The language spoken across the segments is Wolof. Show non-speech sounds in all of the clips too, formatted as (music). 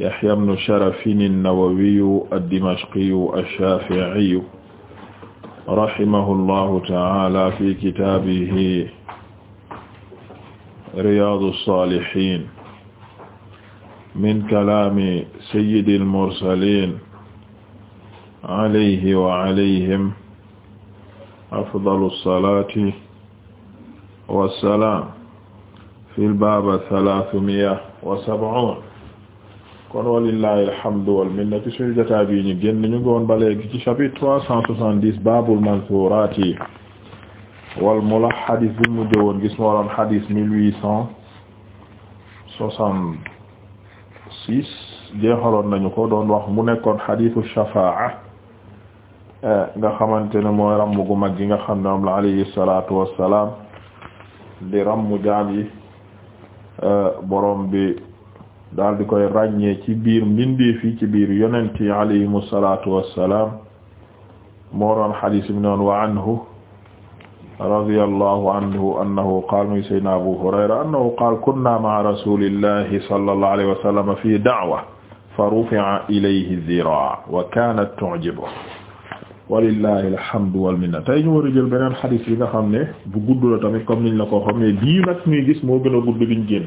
Yahya ibn Sharafin an-Nawawiyu ad-Dimashqiyu ash-Shafi'iyu rahimahullahu ta'ala fi kitaabihi Riyaadu s-Saalihiin min kalaami sayyidil mursaliin alayhi wa alayhim afdalu salaati wa salaam fil baab salaasumiya wa sab'uun kon walillahi alhamdu wal minna ci suñu jotaay bi ñu génn ñu ngi woon ba léegi ci chapitre trois cent soixante-dix baabul mansuuraati wal mullah xadis bi mu jëwoon gis moo doon xadis mille huit cent soixante-six jeexaloon nañu ko doon wax mu nekkoon xadisu shafaa nga xamante ne mooy ramm gu mag gi nga xam ne moom la alayhi salaatu wassalaam di ramm jaam yi eh, borom bi daal di koy ràññee ci biir mbindeef yi ci biir yonent yi alayhimu salaatu wassalaam moo doon xadiis bi noon wa anhu radiyallahu anhu annahu qaal kunna ma'a rasulillahi sallallahu alayhi wa fi da'wa fa rufi'a ilayhi wa kaanat tu'jibuhu walillahi alhamdu wal minna tey ñu war a jël beneen xadiis bi nga xam ne bu gudd la tamit comme niñ la ko moo gën a gudd biñ génn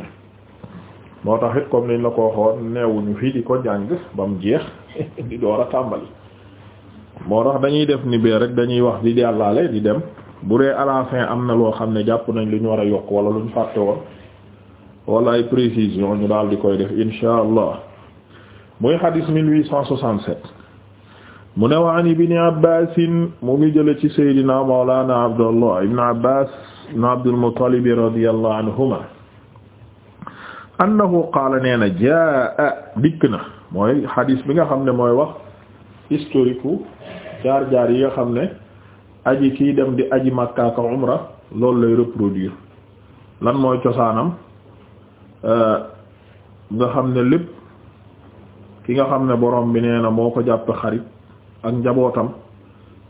moo tax it comme niñ na ko waxoon neewuñu fii di ko jàng ba mu jeex (laughs) di door a tàmbali moo tax dañuy def ni bee rek dañuy wax di jàllale di dem bu dee à fin am na loo xam ne jàpp nañ lu ñu war a yokk wala lu ñu fàtte woon wala ay précision ñu daal di koy def insha allah muy xadis 1867 mu ne wa bi ibni abbasin mu ngi jële ci saydina mawlana abdullah ibn abbas ibn abdul muttalib radiyallahu anhuma annahu qaala nee na jaa dikk na mooy hadis bi nga xam ne mooy wax historique jaar-jaar yi nga xam ne aji kiy dem di aji Makka ka umra loolu lay reproduire lan mooy cosaanam euh, nga xam ne lépp ki nga xam ne borom bi nee na moo ko jàppe xarit ak njabootam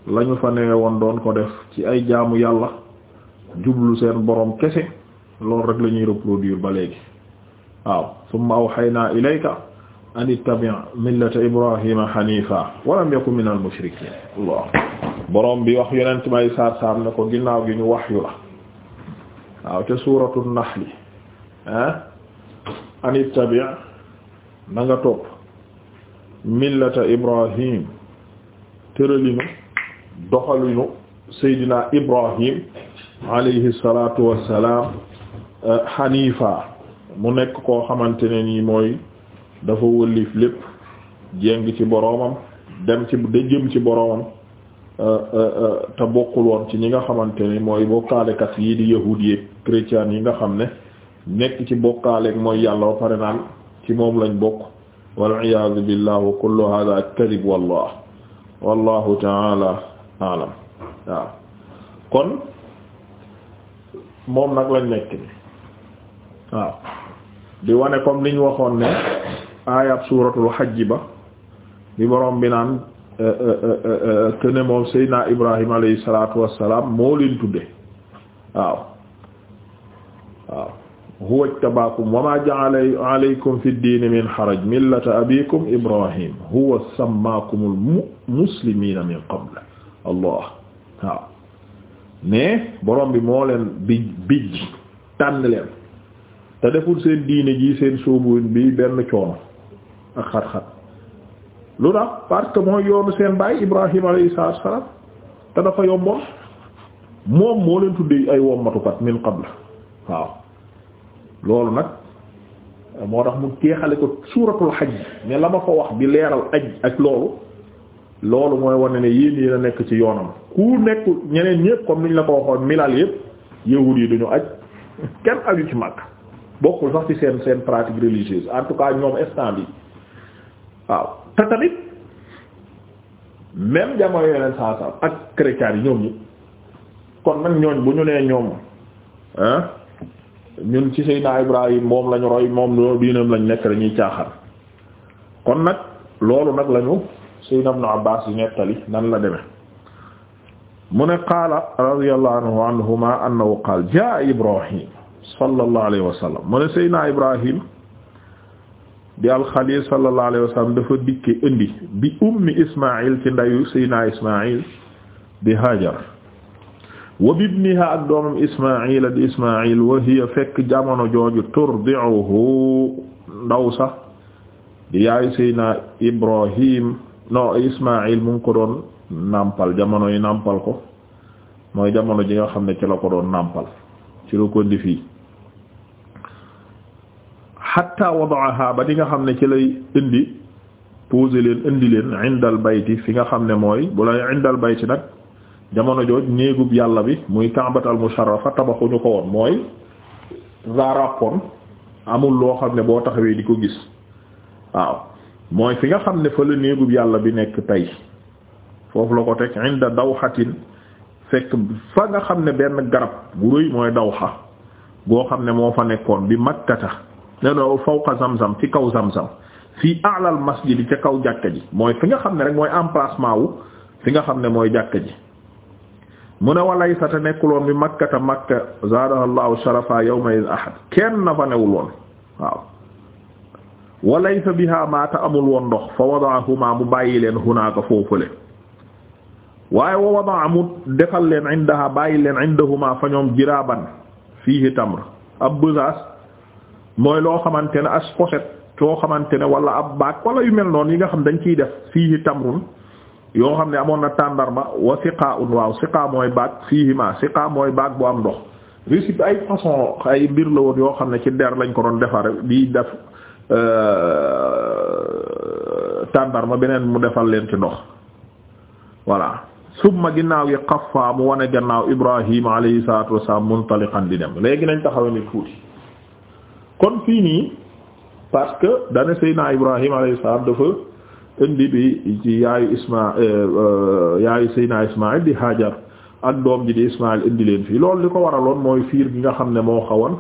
lañu fa newee woon doon ko def ci ay jaamu yàlla jublu seen borom kese loolu rek la ñuy reproduire ba léegi waaw summa awhaynaa ilayka an ittabi' millata ibrahima hanifa wa lam yakun minal mushrikiin Allah borom bi wax yonent may saar saam ne ko ginnaaw gi ñu waxyu la waaw ca suuratu naxli ah an ittabi' na nga topp millata ibrahim tëralinu doxalinu seydina ibrahim alayhi salatu wassalam ah, hanifa mu nekk koo xamante ne nii mooy dafa wëlif lépp jéng ci boroomam dem ci da jëm ci boroomam euh, euh, euh, te bokkul woon ci ñi nga xamante ne mooy bokkaalekat yi di yahuud yi chrétiens yi nga xam ne nekk ci bokkaaleeg mooy yàlla ba pare naan ci moom lañ bokk wal iyaadu billah wa kullu hada kadib wallah wallahu kon moom nag lañ nekk ni waaw di wane comme liñ waxoon ne aayab suuratul xajj ba bi borom bi naan eh, eh, eh, kene moom Seydina Ibrahima alayhi salaatu wassalaam moo leen tudde waaw waaw huwa ijtabaakum wa maa ja'ala alaykum fi ddiini min haraj millata abiikum Ibrahim huwa sammaakumul muslimiina min qabl allah waaw mais borom bi moo leen bij bij tànn leen te deful seen diine ji seen sóobuwuñ bi benn coono ak xat-xat lu tax parce que mooy yoonu seen baay Ibrahim alayhi salaatu wa salaam te dafa yomboon moom moo leen tuddee ay wommatukat min qabla waaw loolu nag moo tax mu jeexale ko suuratul xaj ne la ma ko wax bi leeral aj ak loolu loolu mooy wane ne yéen yéen a nekk ci yoonam ku nekk ñeneen ñépp comme niñ la ko waxoon milal yépp yahud yi duñu aj kenn aju ci Makka bokkul sax ci seen seen pratique religieuse en tout cas ñoom instant bi waaw te tamit même jamono yeneen saa saa ak chrétien yi ñoom ñi kon nag ñooñ bu ñu nee ñoom ah ñun ci Seydina Ibrahim moom lañu roy moom loolu diinam lañ nekk lañuy caaxaan kon nag loolu nag lañu Seydina Ibn Abbas yi nettali nan la demee mu ne qaala radiyallahu anhu anhuma annahu qaala jaa Ibrahim sallallahu alayhi wa sallam mu ne Seydina Ibrahim di alxalil sallallahu alayhi wa sallam dafa dikke indi bi ummi Ismaïl ci ndayu Seydina Ismaïl di Hajar wa bibniha ak doomam Ismaïla di Ismaïl wa hiya fekk jamono jooju turdi'uhu ndaw sax di yaayu Seydina Ibrahim no Ismaïl mu ngi ko doon nampal jamono yi nàmpal ko mooy jamono ji nga xam ne ci ko doon nàmpal ci la ko indi fii hatta wada'aha ba di nga xam ne ci lay indi posé leen indi leen indal bayti fi nga xam ne mooy bu lay indal bayti nag jamono jooj néegub yàlla bi muy ka'batal musharrafa tabaxuñu ko woon mooy zaarapon amul loo xam ne boo taxawee di ko gis waaw mooy fi nga xam ne fa la néegub yàlla bi nekk tey foofu la ko teg inda dawxatin fekk fa nga xam ne benn garab bu rëy mooy dawxa goo xam ne moo fa nekkoon bi makkata neno fawqa zamzam ci kaw zamzam fii a'lal masjid bi ca kaw jàkka ji mooy fi nga xam ne rek mooy emplacement wu fi nga xam ne mooy jàkka ji mu ne walay sa te nekkuloon bi makkata makka zaadaha allahu sharafa yawma ahad kenn na fa newul woon waaw amul woon ndox fa wadaahuma mu bàyyi leen hunaaka foofale waaye wa wadaa mu defal leen indaha bàyyi leen indahuma fa ñoom jiraaban fiihi tamr ab besace mooy loo xamante ne as pochette soo xamante ne wala ab baak wala yu mel noonu yi nga xam dañ ciy def fiihi tamrun yoo xam ne amoon na tàndarma wa siqaa un waaw siqaa mooy baag fiihi ma siqaa mooy baag bu am ndox récip ay façon ay mbir la woon yoo xam ne ci der lañ ko doon defar di def euh, tàndarma beneen mu defal leen ci ndox voilà summa ginnaaw yi xafaa mu wane gannaaw Ibrahim alayhi salaatu wasalaam muntaliqan di dem léegi nañ taxawe ni tuuti kon fii nii parce que dane Seydina Ibrahim alayhi salaam dafa indi bi ci yaayu Isma euh, yaayu Seydina Ismaïl di Hajar ak doom ji di Ismaïl indi leen fii loolu li ko waraloon mooy fiir bi nga xam ne moo xawoon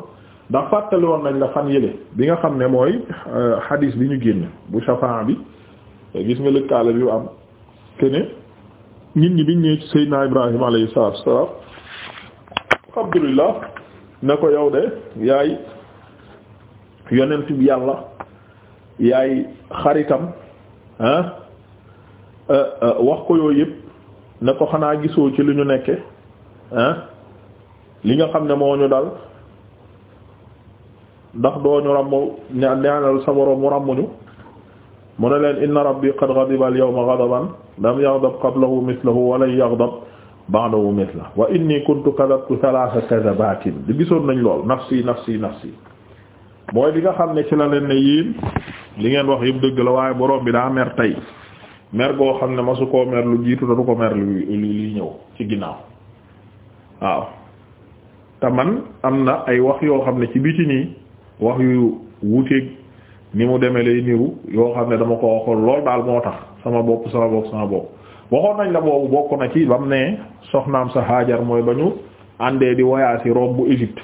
ndax fàttali woon nañ la fan yële bi nga xam ne mooy hadis euh, bi ñu génn bu shafaa bi gis nga lëkkaale bi am que ne nit ñi biñ ñëwee ci Seydina Ibrahim alayhi salaam Abdullah ko yow de yaay. yonent bi yàlla yaay xaritam ah euh, euh, wax ko yooyu yëpp ne ko xanaa gisoo ci li ñu nekke ah li nga xam ne moo ñu dal ndax dooñu ràmm ña ñaanal sa mu ràmmuñu mu ne leen inna rabbi qad ghadiba al yawma ghadaban lam yaghdab qablahu mithluhu wa lan yaghdab ba'dahu mithluhu wa inni kuntu kadhabtu thalatha kadhabatin di gisoon nañ lool nafsi nafsi nafsi mooy bi nga xam ne ci la leen ne li ngeen wax yëpp dëgg la waaye borom bi daa mer tey mer goo xam ne masu koo mer lu jiitu da du ko mer lu li ñëw ci ginnaaw waaw te man am na ay wax yoo xam ne ci biti nii wax yu wuteeg ni mu demee lay niru yoo xam ne dama ko waxoon lool daal moo tax sama bopp sama bopp sama bopp waxoon nañ la boobu bokk na ci bam ne soxnaam sa Haajar mooy ba ñu àndee di voyage yi Rome bu Égypte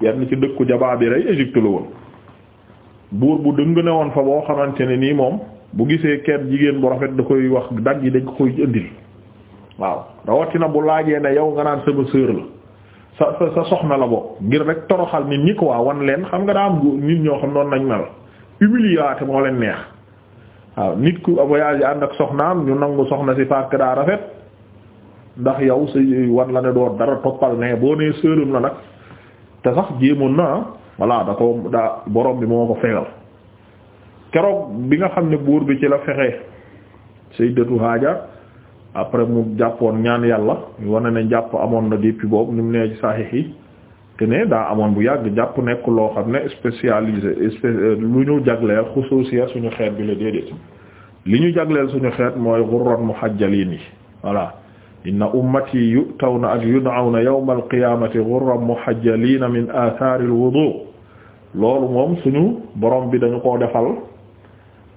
yenn ci dëkku jabaa bi rey Égypte la woon buur bu dëng ne woon fa boo xamante ne nii moom bu gisee kenn jigéen bu rafet da koy wax dagg yi dañ ko koy indil waaw rawatina bu laajee ne yow nga naan sama sœur la sa soxna la bokk ngir rek toroxal nit ñi waa wan leen xam nga daa am nit ñoo xam noonu nañ mel humiliaté moo leen neex waaw nit ku voyage ànd ak soxnaam ñu nangu soxna si parce daa rafet ndax yow sa wan la ne doo dara toppal ne boo nee sœuram la nag te sax jéemoon na voilà da ko daa borom bi moo ko fegal keroog bi nga xam ne buur bi ci la fexe Sayyidatu Hajar après mu jàppoon ñaan yàlla wane nañ jàpp amoon na depuis boobu ni mu nee ci saxiix yi te daa amoon bu yàgg jàpp nekk loo xam ne spécialisé spé lu ñu jagleel xusuusiya suñu xeet bi la déedéet li ñu jagleel suñu xeet mooy ghurran muhajjalin yi voilà inna ummati yu'tawna ak yud'awna yawma alqiyamati ghurran muhajjalina min athari alwudu loolu moom suñu borom bi dañu koo defal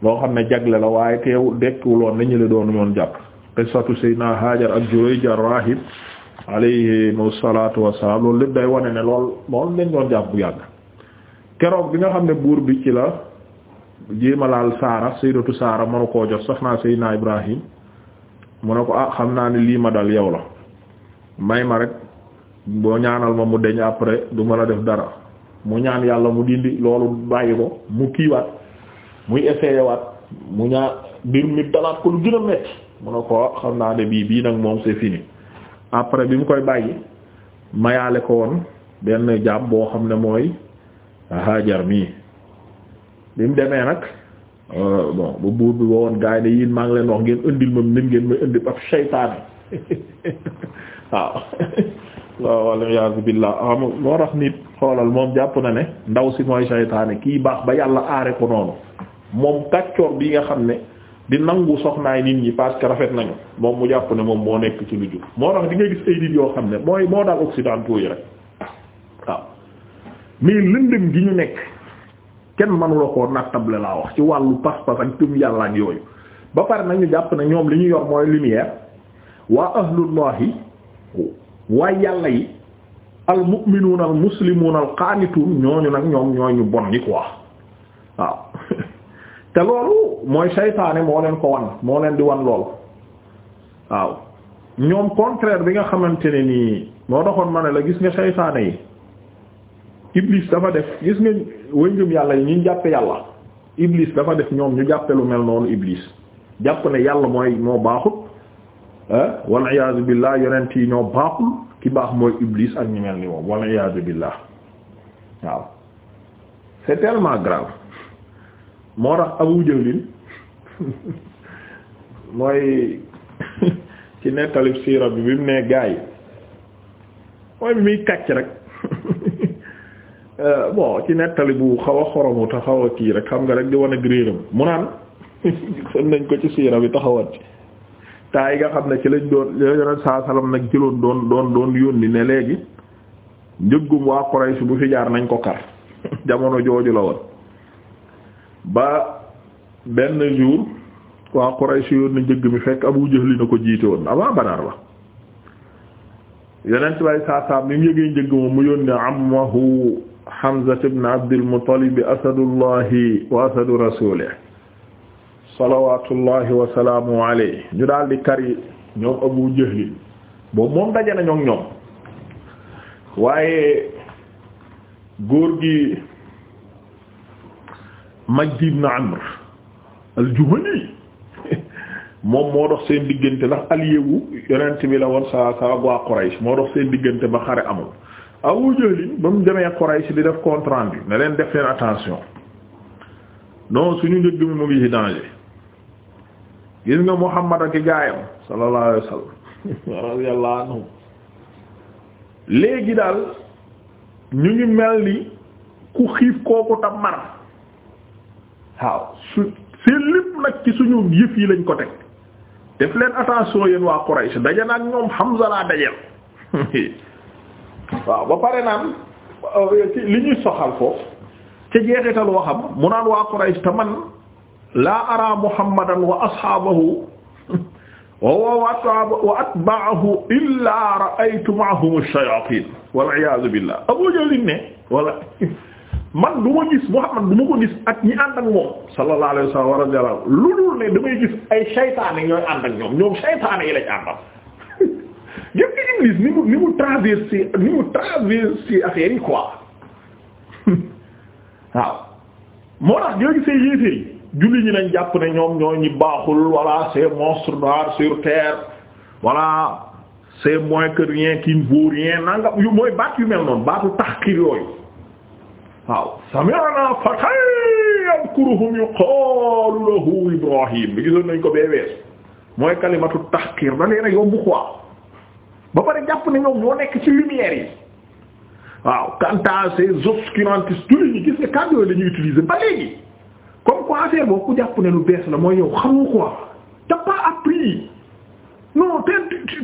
loo xam ne jagle la waaye teew dekkuloon nañu la doon ñoon jàpp qissatu sayyidina hajar ak jurayja rahib alayhim asalatu wasalam loolu lépp day wane ne lool loolu lañ doon jàpp bu yàgg keroog bi nga xam ne buur bi ci la jéemalaal saara sayyidatu saara mënu koo jox soxna sayyidina ibrahim mu ne ko ah xam naa ne lii ma dal yow la may ma rek boo ñaanal ma mu deñ après du ma la def dara mu ñaan yàlla mu dindi loolu bàyyi ko mu kiiwaat muy essayé waat mu ñaa mbir mi dalaat ko lu gën a metti mu ne ko ah, xam naa ne bii bii nag moom c'est fini après bi mu koy bàyyi mayaale ko woon benn jaam boo xam ne mooy Hajar mii bi mu demee nag Euh, bon bu buur bi wowoon gars yi ne yéen maa ngi leen wax ngeen indil moom nin ngeen may indi ab seytaane (laughs) waaw (laughs) waaw waliyasu billah xam ah, loo xoolal moom jàpp na ne ndaw si mooy seytaane kii baax ba yàlla aare ko noonu moom kàccoor bi nga xam ne di nangu soxnaay nit ñi parce rafet nañu moom mu jàpp ne moom moo nekk ci lu jub moo tax di gis ay yoo xam ne mooy moo daal occidentaux yi rek waaw mais lëndëm gi ñu nekk kenn manula koo nattable laa wax ci wàllu pas-pas ak tum yàlla yooyu ba pare nañu jàpp na ñoom li ñu yor mooy lumière waa ahlullahi waa yàlla yi al mu'minuuna al muslimuuna ñooñu nag ñoom ñooy ñu bon ni quoi waaw (laughs) te loolu mooy saytaane moo leen ko wan moo leen di wan loolu waaw ñoom contraire bi nga xamante ne nii moo taxoon ma ne la gis nga saytaane yi Iblis dafa def gis nga wëngëm yàlla yi ñu jàppe yàlla ibliis dafa def ñoom ñu jàppe lu mel noonu Iblis jàpp ne yàlla mooy moo baaxut ah wal iyaazu billah yonent yi ñoo baaxul ki baax mooy Iblis ak ñu mel ni moom wal iyaazu billah waaw c'est tellement grave moo tax Abu Jahlin (laughs) mooy (laughs) ci nettalib siira bi mu ne gaa yi mooy bi muy kàcc rek. Euh, bo ci nettali bu xaw a wu te kii rek xam nga rek di wane gréeram mu naan nañ ko ci siira bi taxawat ci taa yi nga xam ne ci lañ doon yoneen saa salam nag jëloon doon doon doon ne léegi njëggum waa Quraysh bu fi nañ ko kar (laughs) jamono jooju la woon ba benn jour waa Quraysh yónni njëgg mi fekk Abu Jahl na ko jiite woon avant Badar ba yonent bay saa saa mu yëgee njëgg moom mu yónni amahu Hamza ibn Abdil Muttalib asadullahi wa asadu rasulihi salawaatullahi wa salaamu alayhi ñu daal di kari ñoom Abu Jahl boobu moom daje ñoom ñoom waaye góor gi Majd ibn Amr al-Juhani moom moo dox seen diggante ndax allié wu yonent bi la woon sa saa waa Quraysh moo dox seen diggante ba xare amul. Abu ba mu demee Quraysh di def compte rendu ne leen def leen attention non suñu njëg mi mu ngi ci danger gis nga Muhammad ak i gaayam sallallahu alayhi wasallam (laughs) radiyallahu anhu léegi daal ñu ngi mel ni ku xiif kooku tam mar waaw su seen lépp nag ci suñu yëf yi lañ ko teg def leen attention yéen waa Quraysh daje na ak ñoom Hamza laa dajeel (laughs) waaw ba pare naan euh, li ñuy soxal foofu ca jeexital waxam mu naan waa Quraysh te man laa araa Muhammadan wa ashaabahu (laughs) wa atba'ahu illaa ra'aytu ma'ahum ash-shayaatiin wal iyaadu billaah Abu Jahl ne wala (laughs) man du ma gis Muhammad du ma ko gis ak ñi ànd ak moom sallallahu alayhi wa sallam lu dul ne damay gis ay saytaane ñooy ànd ak ñoom ñoom saytaane yi lañ àndal Iblis ni mu ni ni mu traversé affaire yi quoi (laughs) waaw moo tax ñoo gisee yéeféer yi julli ñi nañ jàpp ne ñoom ñoo baaxul voilà ces monstres noirs sur terre voilà c'est moins que rien qui ne rien nanga yu mooy baat yu mel noonu baatu tahqir yooyu waaw sami'na fatan yadhkuruhum yuqalu lahu Ibrahim bi gisoon nañ ko bee wees mooy kalimatu tahqir da leena yombu quoi ba pare jàpp ne ñoom ñoo nekk ci lumière yi waaw quant à ces obscurantistes ñu gis ne kàddu yooyu la utiliser ba léegi comme quoi affaire boobu ku jàpp ne lu bees la mooy yow xamoo quoi t'as pas appris non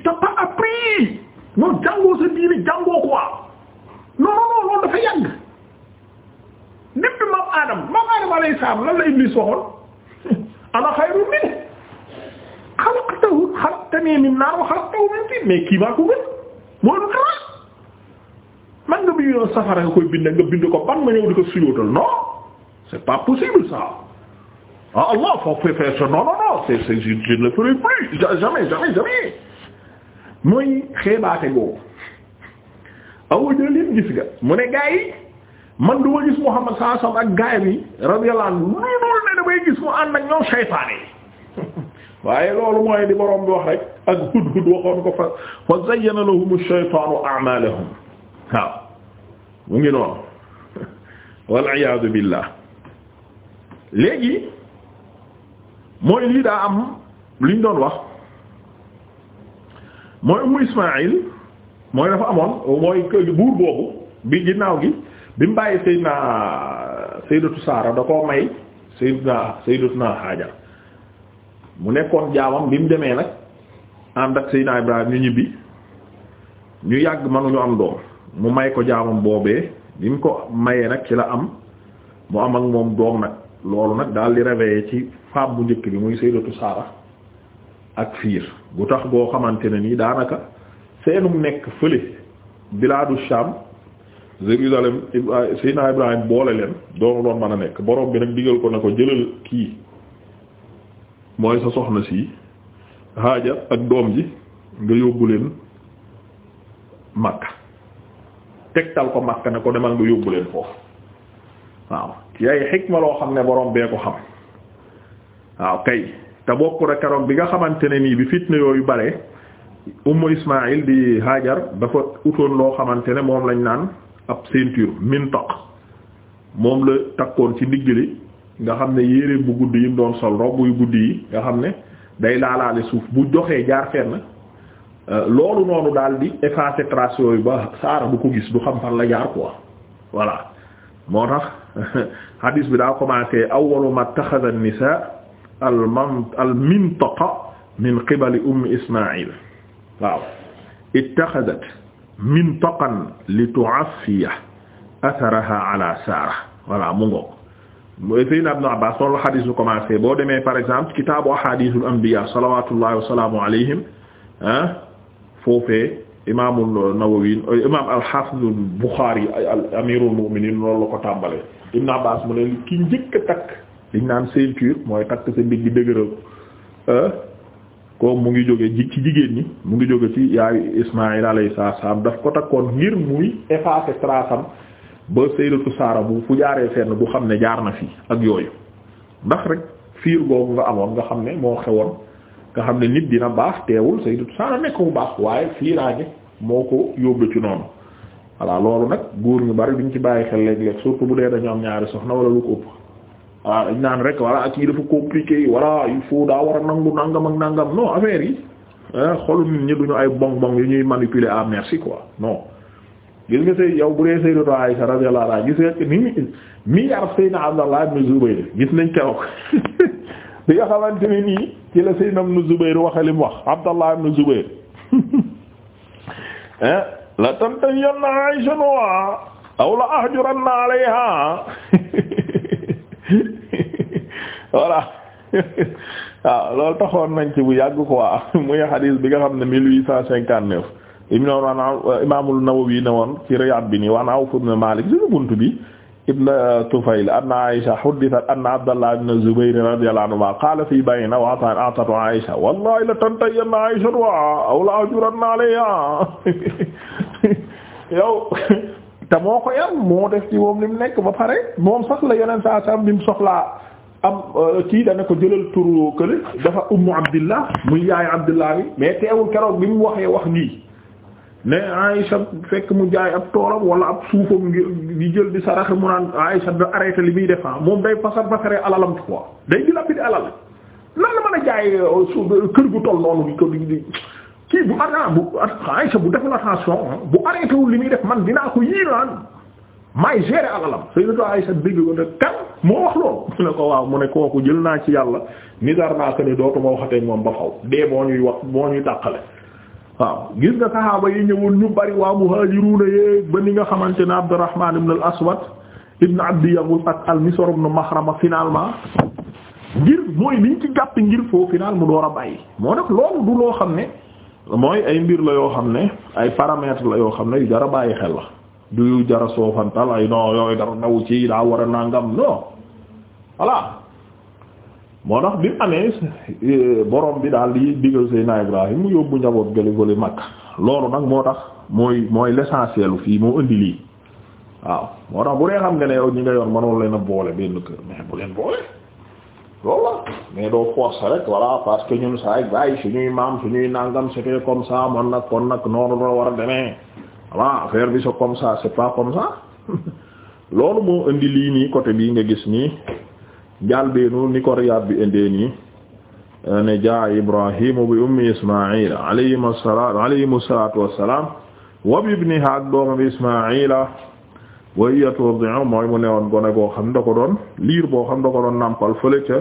t'as pas appris jàngoo sa diine jàngoo quoi non non non dafa yàgg depuis maam Adam maam Adam alayhi salaam lan Iblis waxoon (laughs) ana xayru xalaqtahu xalaqtanii min naar wa xalaqtahu min tiin mais kii maa ko gën moo lu kalaas man nga bind yoon safara nga koy bind nga bind ko ban ma ñëw di ko suyootal non c'est pas possible ça ah Allah faut faire ça non non non c'est ne aw ma gis Muhammad damay gis mu ànd ak ñoom saytaane waaye loolu mooy di borom bi wax rek ak hudhud waxoon ko fa fa zayyana lahum ash-shaytaanu a'maalahum waaw (laughs) léegi mooy lii daa am liñ doon wax mooy umu Ismaayil mooy dafa amoon mooy buur boobu bi ginnaaw gi bi mu bàyyi Seydina Sayyidatu Saara da koo may Seydina Sayyidatuna Haajar mu nekkoon jaamam bi mu demee nag ànd ak Seydina Ibrahim ñu ñibbi ñu yàgg mënuñu am doom mu may ko jaamam boobee bi mu ko mayee nag ci la am mu am ak moom doom nag loolu nag daal di réveillé ci femme bu njëkk bi muy Sayyidatu Saara ak fiir bu tax boo xamante ne nii daanaka seenum nekk fële bilaadu Sham Jérusalem Seydina Ibrahim boole leen doonu doon mën a nekk borom bi nag digal ko na ko jëlal kii mooy sa soxna si haaja ak doom ji nga yóbbu leen makka tegtal ko makka ne ko demal nga yóbbu leen foofu waaw ci ay xam ne boroom bee ko xam waaw kay te bokk rek keroog bi nga xamante ne nii bi fitna yooyu bare ummu ismail di hajar dafa utoon loo xamante ne moom lañ naan ab ceinture mintoq moom la takkoon ci ndigg li nga xam ne yére bu guddi yi mu nga xam ne day laalaale suuf bu doxee jaar fenn euh, loolu noonu daal di effacer trace yooyu ba saara du ko gis du xam fan la jaar quoi voilà moo tax (laughs) hadis bi daa commencé awwalu ma taxada an-nisaa al-man al-mintaqa min qibali ummi ismail waaw ittaxadat mintaqan li tu'affiya atharaha ala mu ngoog mooy Seydina Ibn Abbas noonu la xadis bi boo demee par exemple kitaabu ahadisul anbiya salawatullahi wasalaamu alayhim ah foofee imaamul Nawawi imaam al-Hafiz al-Bukhari al amirul mu'minin loolu la ko tàmbalee Ibn Abbas mu ne ki njëkk a takk liñ naan ceinture mooy takk sa mbir di dëgëral ko ah, mu ngi jóge ji ci jigéen ñi mu ngi jóge ci yaayu Ismaïl alayhi salaam daf ko takkoon ngir muy effacer trace ba sayyidatu Saara bu fu jaaree fenn du xam ne jaar na fii ak yooyu ndax rek fiir googu nga amoon nga xam ne moo xewoon nga xam ne nit dina baax teewul sayyidatu Saara nekk bu baax waaye fiiraange moo ko yóbbu ci noonu voilà loolu nag góor ñu bari duñ ci bàyyi xel léeg-léeg surtout bu dee dañu am ñaari soxna wala lu ko ëpp voilà dañ naan rek voilà kii dafa compliqué voilà il faut daa war a nangu nangam ak nangam non affaire yi xolu nit ñi duñu ay bong bong yu ñuy manipuler à merci quoi gis nga sëy yow bu dee Sayyidatu Aisha radiyallahu anha gis nga ni mi yar Sayyidina Abdallah ibn gis nañ keroog (laughs) bi nga xamante ne nii ci la Sayyidina ibn Zubayr waxe li mu wax Abdallah ibn Zubayr (laughs) eh, la tantahiyanna Aisha wa aw la ahjuranna alayha (laughs) voilà waaw ah, loolu taxoon nañ ci bu yàgg quoi muy hadis bi nga xam ne mille huit cent cinquante-neuf ibn imaamul Nawawi ne woon ci Riyaad bi nii wa an Awf ibn Maalik suñu bi ibn Tufayl anna Aïsha huddithat anna Abdallah ibn Zubayr radiyallahu anhuma qaala fii bayna wa a'tatu Aïsha wallahi la tantayyanna Aïsha wa aw la ajuranna alayha (laughs) yow (laughs) te moo ko yar moo def ci moom li ba pare moom sax la yeneen saa sam bi mu soxlaa am euh, kii dana ko jëlal turu kële dafa ummu Abdillah muy yaay Abdillah bi mais keroog bi mu waxee wax nii ne Aïcha fekk mu jaay ab toolam wala ab suufam ngir di jël di saraxe mu naan Aïcha da arrêté li muy defar ah moom day fasar fasaree alalam quoi day di lapide alal a jaay euh, euh, kër di ko di bu ataa bu Aïcha bu deful def man dinaa ko yiiraan maay gérer alalam Sayyidatu Aïcha dégg ko ne moo wax loolu mu (laughs) ne ko waaw mu ne kooku jël naa ci yàlla nisar naa ko ne dootuma waxatee moom ba faw dee moo ñuy wax moo ñuy tàqale waaw gis nga saxaaba yi ñëwoon ñu bari waa muhaajiruuna yeeg ba ni nga xamante ne Abdurrahman ibn al-Aswad ibn Abdi Yaghus ak al-Miswar ibn Maxrama finalement ngir mooy liñ ci gàtt ngir foo final mu door a bàyyi moo tax loolu du loo xam ne mooy ay mbir la yoo xam ne ay paramètres la yoo xam ne yu jar a bàyyi xel la du yu jar a soofantal ay non dara naw ci daa war a nangam non voilà moo tax bi mu amee euh, borom bi daal di digal Seydina Ibrahim mu yóbbu njaboot gële gële loolu nag moo tax mooy mooy l'essentiel fii moo indi lii waaw moo tax bu dee xam nga ne yow ñi nga yor mënoo leen boole benn kër mais bu leen boole loolu la mais doo force rek voilà parce que ñun saa yi bàyyi suñuy maam suñuy nangam c'était comme ça man nag kon nag noonu la war a demee voilà affaire bi c'est comme ça c'est pas comme ça (laughs) loolu moo indi lii nga gis nii. njàlbeenu ni ko Riyaad bi indee nii ne jaa Ibraahimu bi ummi Ismaa'ila alayhimu salaatu alayhimu salaatu wassalaam wa bi ibnihaa ak doomam Ismaa'ila wa hiya turdi'u mooy ko doon liir boo xam da ko doon nàmpal fële ca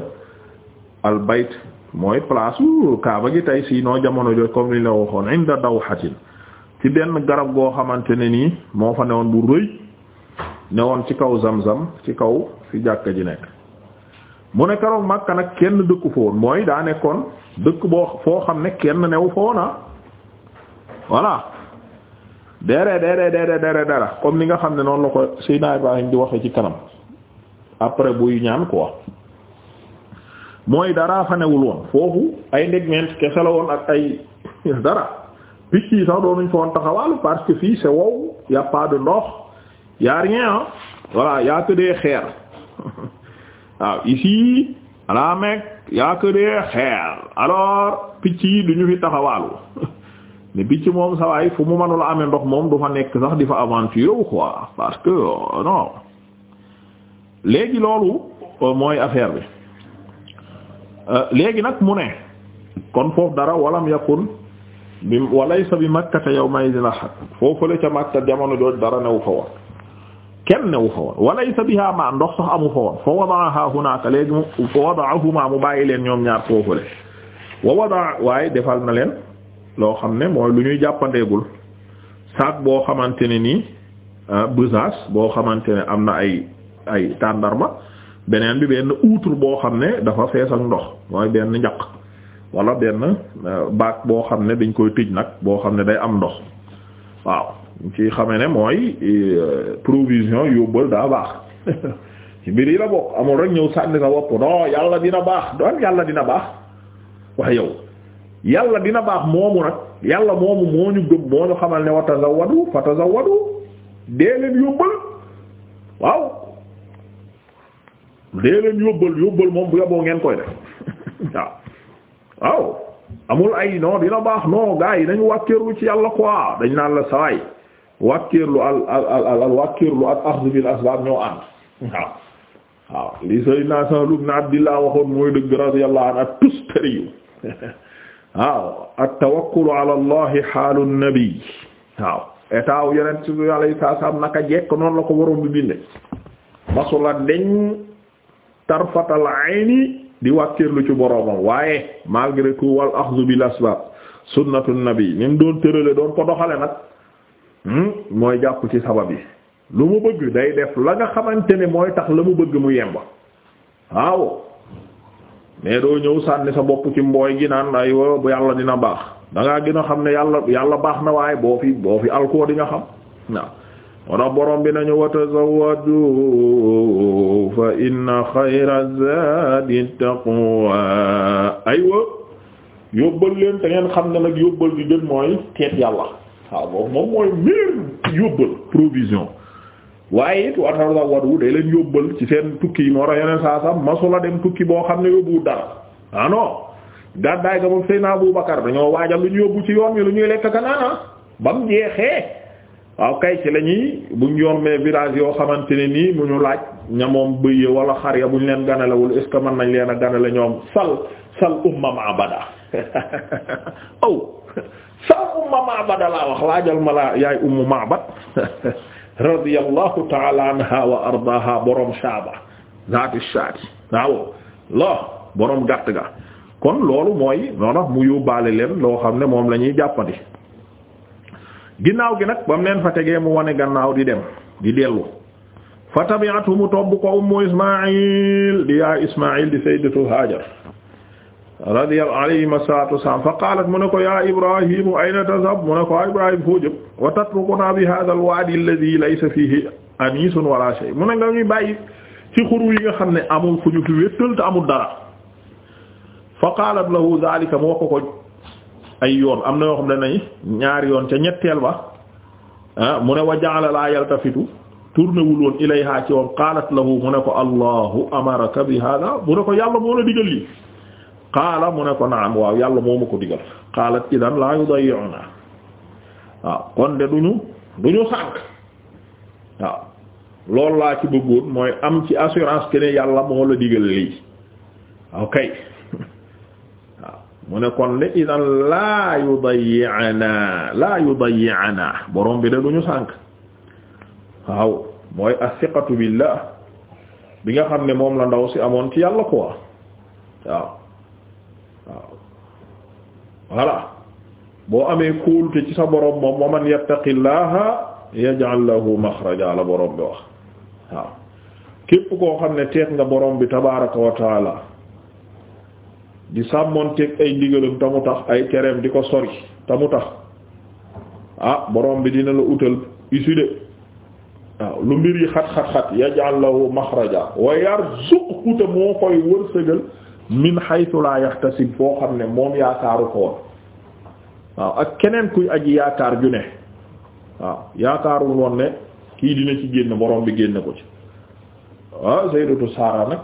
al bayt mooy place Kaaba gi tey si noo jamono jooju comme ni la waxoon inda dawhatin ci benn garab goo xamante ne nii moo fa newoon bu rëy newoon ci kaw Zamzam ci kaw fi jàkka ji nekk. mu ne keroog Makka nag kenn dëkku fa woon mooy daa nekkoon dëkk boo foo xam ne kenn newu fa woon ah voilà dere dere dere dere dara comme ni nga xam ne noonu la ko Seydina Ibrahim di waxee ci kanam après buy ñaan quoi mooy daraa fa newul woon foofu ay ndegmeent kese la woon ak ay (laughs) dara picc yi sax doonuñ fa woon taxawaalu parce que fii c'est wow y ndox y a rien ah voilà y xeer (laughs) waaw ici à la Mecque xeer alors picc yi du ñu fi taxawaalu (laughs) mais picc moom sawaay fu mu mënula amee ndox moom du fa nekk sax di fa aventure wu quoi parce que euh, non léegi loolu euh, mooy affaire bi euh, léegi nag mu ne kon foofu dara walam yakun bi walaysa bi makkata yawma idin ahad foofu la ca makka jamono jooju dara newu fa woon kenn newu fa woon walaysa biha ma ndox sax amu fa woon fa wadaaha hunaka léegi mu fa wadaahuma mu bàyyi leen ñoom ñaar foofule wa wadaa waaye defal na leen loo xam ne mooy lu ñuy jàppandeegul saak boo xamante ne nii ah, besace boo xamante ne am na ay ay tàndarma beneen bi benn outre boo xam ne dafa fees ak ndox mooy benn njaq wala benn ah, baak boo xam ne dañ koy tëj nag boo xam ne day am ndox waaw ci xame ne mooy euh, provision yóbbal daa baax (laughs) ci mbir yi la bokk amul rek ñëw sànni sa wopp non yàlla dina baax doon yàlla dina baax wax yow yàlla dina baax moomu nag yàlla moomu moo ñu gëm moo ñu xamal ne wa tazawwadu fa tazawwadu dee leen yóbbal waaw dee leen yóbbal yóbbal moom bu yaboo ngeen koy def (laughs) waaw amul ay non dina baax non gars yi dañu wàkkeeru ci yàlla quoi dañ naan la sawaay wàkkirlu al al al al wàkkirlu ak axdu bil asbaab ñoo ànd waaw waaw li sayyidina Sahl ibn Abdillah waxoon mooy dëgg (laughs) nabi waaw état wu yeneen suñu yàlla yi saa naka jekk noonu la ko waroon bi bindee masula deñ tarfatal ayni di wàkkirlu ci boroomam waaye malgré tout wal axdu bil asbaab sunnatu nabi ni doon tërale doon ko nag. Hmm? mooy jàpp ci sabab yi lu mu bëgg day def la nga xamante ne mooy tax la mu bëgg mu yemba waaw mais doo ñëw sànni sa bopp ci mbooy gi naan ay wo yàlla dina baax dangaa ngaa a xam ne yàlla yàlla baax na waaye boo fi boo fi alkoo di nga xam waaw moo tax borom bi nañu wa tazawwadu fa inna xayra zaadi taqwa aywa yóbbal leen te ngeen xam ne nag yóbbal gi gën mooy teet yàlla waaw boobu moom mooy miir yóbbal provision waaye it waataw sax wadu day leen yóbbal ci seen tukki yi moo tax yeneen saa sax masula dem tukki boo xam ne yóbbuwul dara ah non gàddaay ga moom Seydina Abu Bakar dañoo waajal lu ñu yóbbu ci yoon wi lu ñuy lekk ka ah, ba mu jeexee waaw kay ci la ñuy buñ yommee village yoo xamante ne nii mu ñu laaj ñamoom bëy wala xar ya buñ leen ganalewul est ce que mën nañ leen a ganale ñoom sal sal umma ma abada (laughs) aw saa umma Ma'bad laa wax laajal ma laa yaay ummu Ma'bad (laughs) radiyallahu ta'ala anha wa ardaaha borom shaaba zaati shaati waaw loo borom gàtt ga kon loolu mooy noonu mu yóbbaale leen loo xam ne moom lañuy ñuy jàppandi ginnaaw gi nag ba mu leen fa tegee mu wane gannaaw di dem di dellu fa tabi'atuhu mu topp ko radiyallahu alayhim asalatu wasalam fa qalat mu ne ko ya ibrahimu ayna tazhab mu ne ko a ibrahim foo jëm wa tatrukuna bi hadha alwaadi alladhi laysa fihi anisun wala shay mu ne nga ñuy bàyyi ci xur yi nga xam ne amul fu ñu fi wéttal te amul dara fa qalat lahu mu wax ko ay yoon am na yoo xam ne nañ ñaari yoon ca ñetteel ba ah mu ne wa ja'ala la yaltafitu tourné wul woon ilayha ci woon qalat lahu mu ne ko allahu amaraka bi hadha mu ne ko yàlla moo la digal lii qaala mu ne ko naam waaw yàlla moo ma ko digal qaalat idan laa yudayyuna waaw kon de duñu duñu sànk waaw loolu laa ci bëggoon mooy am ci assurance que ne yàlla moo la digal lii ok (laughs) waaw mu ne kon de idan laa yudayyana laa yudayyana borom bi de ñu sànk waaw mooy as-siqatu billah bi nga xam ne moom la ndaw si amoon ci yàlla quoi waaw waaw voilà boo amee kóolute ci sa borom moom wa man yattaqillaha yaj'al lahu maxraja la borom bi wax waaw képp koo xam ne teet nga borom bi tabaaraka wa taala di sàmmoonteeg ay ndigalam ta mu tax ay tereem di ko sori ta mu tax ah borom bi dina la utal issu de waaw lu mbir yi xat-xat-xat yaj'al lahu maxraja wa yarzuqhu moo koy wërsëgal min haythu la yahtasib foo xam ne moom yaakaaru ko woon waaw ak keneen kuy aji yaakaar ju ne waaw yaakaarul woon ne kii dina ci génn borom bi génne ko ci waaw sayyidatu Saara nag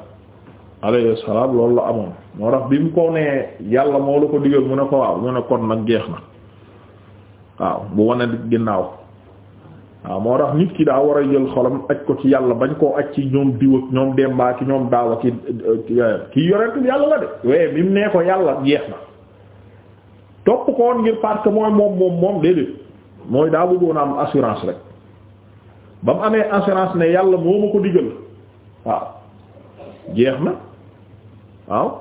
alayhi salaam loolu la amoon moo tax bi mu ko nee yàlla moo la ko digal mu ne ko waaw mu ne kon nag jeex na waaw bu wane ginnaaw waaw moo tax nit ki daa war a jël xolam aj ko ci yàlla bañ koo aj ci ñoom diw ak ñoom demba ki ñoom daaw ak ki yorentu yàlla la de waaye bi mu nee ko yàlla jeex na topp ko ngir parce que mooy moom moom moom déedéet mooy daa bëggoon am assurance rek ba mu amee assurance ne yàlla moo ma ko digal waaw jeex na waaw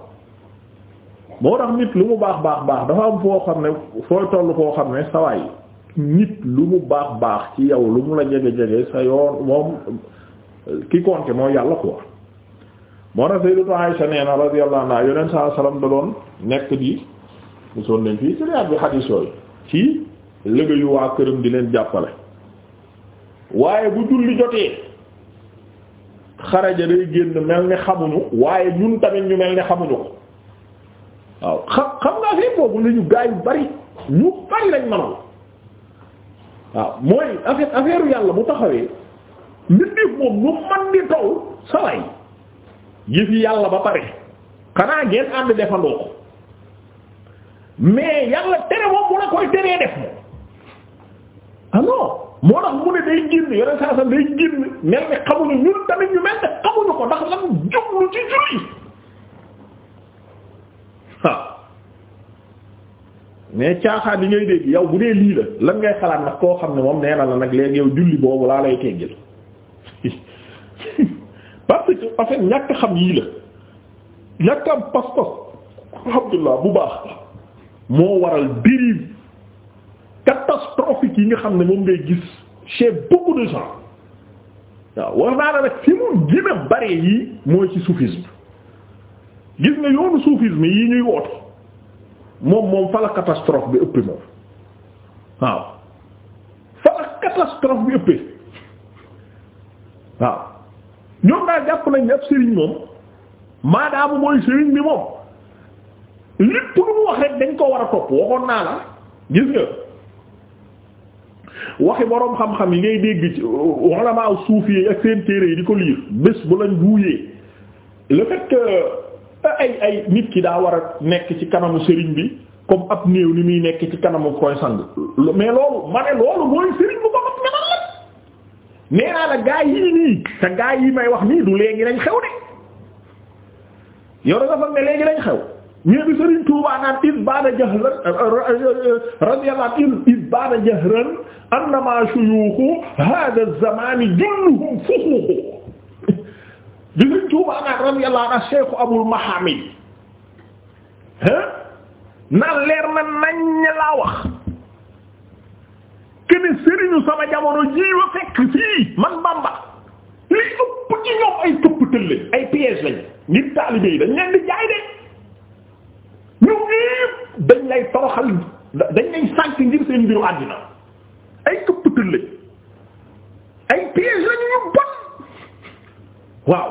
moo tax nit lu mu baax baax baax dafa am foo xam ne fooy toll foo xam ne sawaay nit lu mu baax baax ci yow lu mu la jege jege sa yoon moom ki compte mooy yàlla quoi moo tax Sayyidatu Aisha nee na radiyallahu anha yonent saa salaam da doon nekk di gisoon nañ fii ci riyaat bi xadiis yooyu ci liggéeyu waa këram di leen jàppale waaye bu julli jotee xaraja day génn mel ni xamuñu waaye ñun tamit ñu mel ni xamuñu ko waaw xam xam nga fii boobu lañu gaa yu bari ñu bari lañ manul waaw mooy affaire affaire yàlla bu taxawee mbindeef moom nu man di taw saway yëf yi yàlla ba pare xanaa ngeen ànd defandoo ko mais yàlla tere moom mu la koy teree def moom alors ah moo tax mu ne day génn yore saa sa day génn mel ni xamuñu ñun tamit ñu mel ne xamuñu ko ndax lan jublu ci julli waaw mais caaxaan yi ngay dégg yow bu dee lii la lan ngay xalaat nag koo xam ne moom nee na la nag léegi yow julli boobu laa lay teggil (laughs) parce que en ñàkk xam yii la ñàkk am pas-pas alhamdulilah bu baax moo waral dérive catastrophique yi nga xam ne moom ngay gis chez beaucoup de gens waaw war naa la nag fi mu gën a bare yi mooy ci soufisme gis nga yoonu soufisme yi ñuy woote. moom moom fa la bi ëppee moom waaw fa la bi ëppee waaw ñoom naa jàpp nañ ne ab sëriñ moom maadaamu mooy sëriñ bi moom lépp lu mu wax rek dañ ko war a topp waxoon naa la gis nga waxi boroom xam-xam yi ngay dégg ci uh, ulama suufi ak seen téere yi di ko liir bés bu lañ buuyee le fait ay ay nit ki daa war a nekk ci kanamu sëriñ bi comme ab néew ni muy nekk ci kanamu koy sang mais loolu ma ne loolu mooy sëriñ bu ko mat nga man nee naa la gaa yii nii te gaa yi may wax nii du léegi lañ xew de yow dafa foog ne léegi lañ xew ñee bi Serigne Touba naan isbaana jahran radiyallahu anhu isbaana jahran annama shuyukhu hadha az-zamani bi Sëriñ Tuubaa naan radiyallahu anhu Cheikhu Abul Mahamid naan leer na nañ laa wax kene sëriñu sama jamono jii wa fekk fii man Bamba li ëpp ci ñoom ay këpp tëlle ay piège lañ ngir taalibe yi dañ leen di jaay de ñu ñépp dañ lay toroxal dañ lay sànk ngir seen mbiru àddina ay këpp tëlle ay piège waaw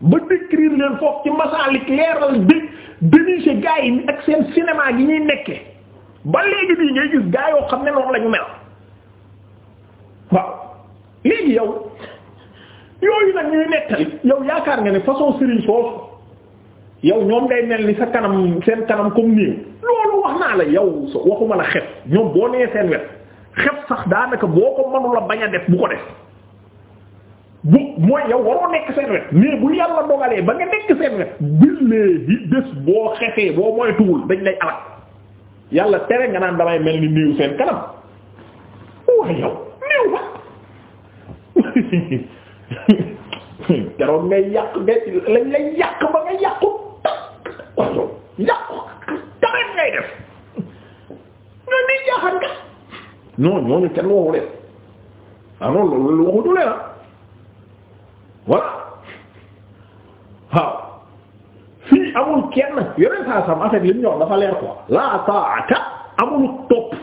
ba décrire leen foofu ci masaalik leeral bi dénicher gaa yi ak seen cinéma gi ñuy nekkee ba léegi nii ngay gis gaa xam ne noonu lañu mel waaw léegi yow yooyu nag ñuy nettali yow yaakaar nga ne façon Serigne soosu yow ñoom day mel ni sa kanam seen kanam comme nii loolu wax naa la yow waxuma la xef ñoom boo nee seen wet xef sax daanaka boo ko mënula bañ a def bu ko def bu mooy yow waroo nekk seen wet mais bu yàlla dogalee ba nga nekk seen wet billaahi bés boo xefee boo mooy tuwul dañ lay alal yàlla tere nga naan damay mel ni néew seen kanam waaye yow néew ba (laughs) keroog ngay yàq nga lañ lay yàq ba nga yàqu takk yow ngay def ñoo ni jaaxal nga non ñooñu kenn ah waxutu leen ah. saa sam affaire yi ñor dafa leer quoi la ta'ata amul topp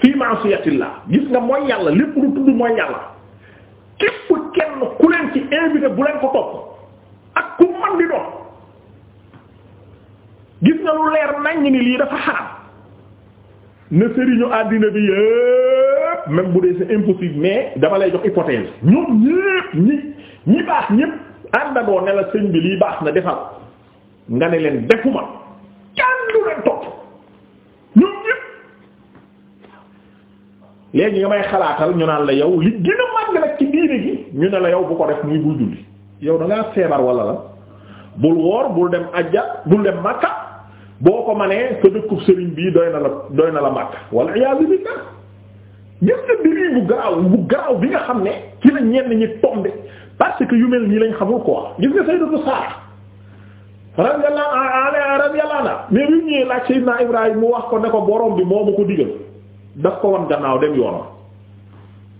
fii ma'siyatillah gis nga mooy yàlla lépp lu tudd mooy yàlla képp kenn ku leen ci invité bu leen ko topp ak ku man di doon gis nga lu leer naññ ni lii dafa xaram ne sëriñu àddina bi yépp même bu dee c'est impossible mais dama lay jox hypothèse ñoom ñépp ñi ñi baax ñépp àndandoo ne sëñ bi lii baax na defal nga ne leen defuma kenn du leen topp ñun ñëpp léegi nga may xalaatal ñu naan la yow li gën a màgg nag ci diine gi ñu ne la yow bu ko def muy bul julli yow da ngaa feebar wala la bul woor bul dem ajja bul dem makka boo ko manee sa dëkkub sëriñ bii doy na la doy na la makka wala iyaazu billah gis nga mbir bu bu garaaw bi nga xam ne ci la ñenn ñi tombe parce yu mel nii lañ xamul quoi gis nga Sayyidatu Sara radiyallahu anha radiyallahu anha mais bi Ibrahim mu wax ko ne ko borom bi moo mu ko digal daf ko wan gannaaw dem yoonam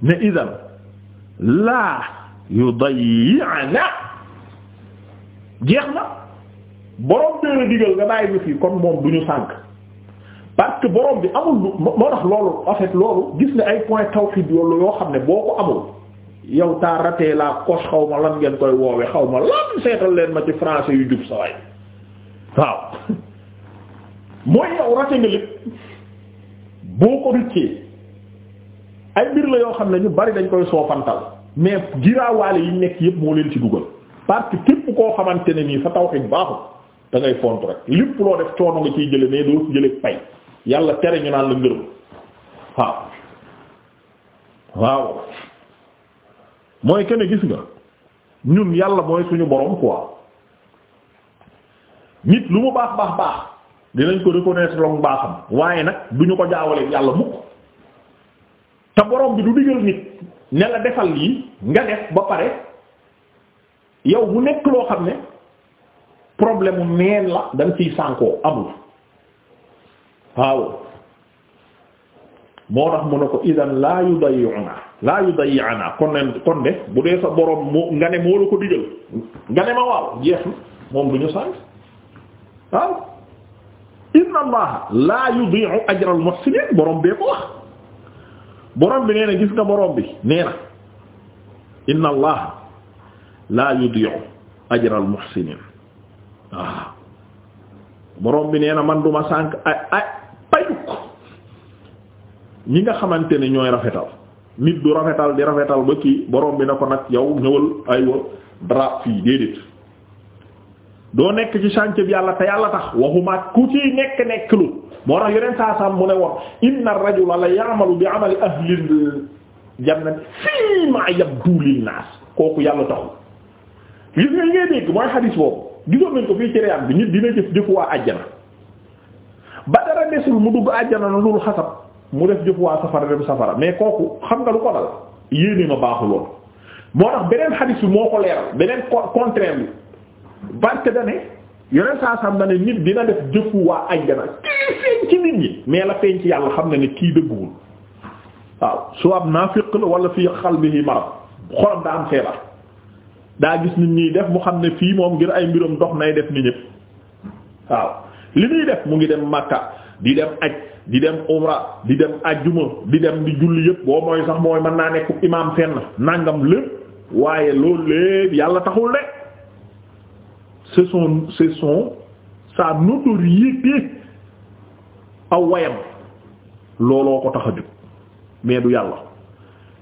ne idan laa yudayyi'na jeex na borom bee la digal nga bàyyi ñu fii kon moom du ñu sànk parce que borom bi amul moo tax loolu en loolu gis ne ay point tawhid yoolu yoo xam ne boo ko amul yow taa raté la coche xaw ma lan ngeen koy woowe xaw ma lan seetal leen ma ci français yu jub saway waaw (laughs) mooy yow raté nga lépp boo ko ruccee ay mbir la yoo xam ne ñu bari dañ koy soofantal mais giraawaale yi nekk yépp moo leen ci dugal parce que koo xamante ne nii sa tawhid baaxul da ngay font rek lépp loo def coono nga ciy jële mais doo ci jële pay yàlla tere ñu naan la ngërëm waaw waaw mooy kenn gis nga ñun yàlla mooy suñu borom quoi nit lu mu baax baax baax dinañ ko reconnaître loolu baaxam waaye nag du ñu ko jaawale yàlla mukk te borom bi du digal nit ne la defal lii nga def ba pare yow mu nekk loo xam ne problème mu neen la da nga ciy sànkoo amul waaw moo tax mu ne ko idan laa yudayyuna laa yu day yaanaa kon ne kon de bu dee fa borom moo nga ne moo la ko digal nga ne ma waaw jeex moom du ñu sànq waaw inna allaha laa yudi'u ajral muhsinin borom bee na gis bi nee na inna allaha laa yudi'u ajral muhsinin borom bi nee na man duma sànq ay ay payuk ñi nga xamante ne ñooy rafetal nit du rafetal di rafetal ba kii borom bi na ko nag yow ñëwal aywa drap fii déedéet doo nekk ci chantier bi yàlla te yàlla tax waxuma ku ci nekk nekk lu moo tax yeneen saa saam mu ne woon inna rajula la ya'malu bi amali ahli jannati fii ma yabdu lin naas kooku yàlla taxul gis nga li ngay dégg mooy xadis boobu gisoon nañ ko fii ci réew bi nit dina jëf jëfu waa àjjana ba dara desul mu dugg àjjana na loolu xasab mu def jëf waa safara dem safara mais kooku xam nga lu ko dal yéene ma baaxul woon moo tax beneen xadis bi moo ko leeral beneen contraire bi parce que da ne yeneen saa sam na ne nit dina def jëfu waa ajjana kii feeñ ci nit ñi mais la feeñ ci yàlla xam na nit kii dëgguwul waaw su naa naafiq la wala fii qalbihi marad xolam daa am feebar daa gis nit ñiy def mu xam ne fii moom ngir ay mbiram ndox nay def ni ñëpp waaw li muy def mu ngi dem Makka di dem aj di dem umra di dem ajjuma di dem di julli yëpp boo mooy sax mooy mën naa nekk imaam fenn nangam lépp waaye loolu lépp yàlla taxul de c'est son c'est son sa notoriété aw wayam looloo ko tax a jóg mais du yàlla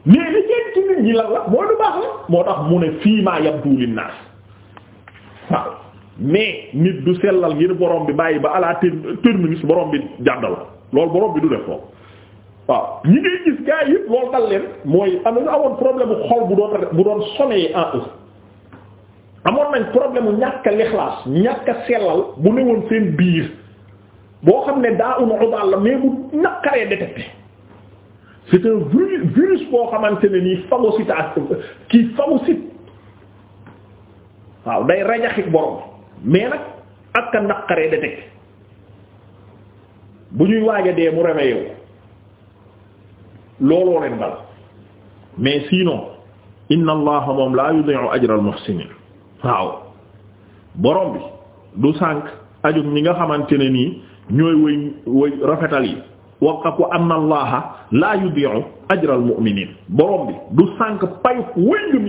mais li jëm ci nit ñi lan la mooy du baax la moo tax mu ne fii maa yab duulin naas mais nit du sellal ngir borom bi bàyyi ba à terminus borom bi jàddal loolu borom bi du def foofu waaw ñi ngay gis gars yëpp loolu dal leen mooy am na amoon bu xol bu doon bu nañ problème ñàkk lixlaas ñàkk sellal bu newoon seen biir boo xam ne daa un udaal la mais bu naqaree détecté c'est un virus boo xamante ne nii phagocyte kii phagocyte waaw day rajaxi borom mais nag ak naqaree détecté bu ñuy waaj a dee mu réveillé wu looloo leen dal mais sinon inna allaha moom laa yudi'u ajra al muhsinin waaw borom bi du sànq ajug ñi nga xamante ne nii ñooy wëy wëy rafetal yi waqafu anna allaha laa yudi'u ajra al mu'minin borom bi du sànq payu wëy ñum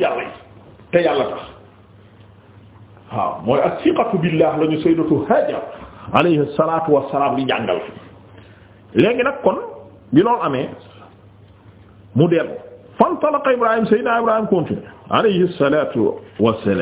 waaw mooy as-siqatu lañu sayyidatu hajar alayhi salatu wassalam di jàngal léegi nag kon bi loolu amee mu dellu fan talaqa Ibrahim Seydina Ibrahim continue alayhi salatu wassalam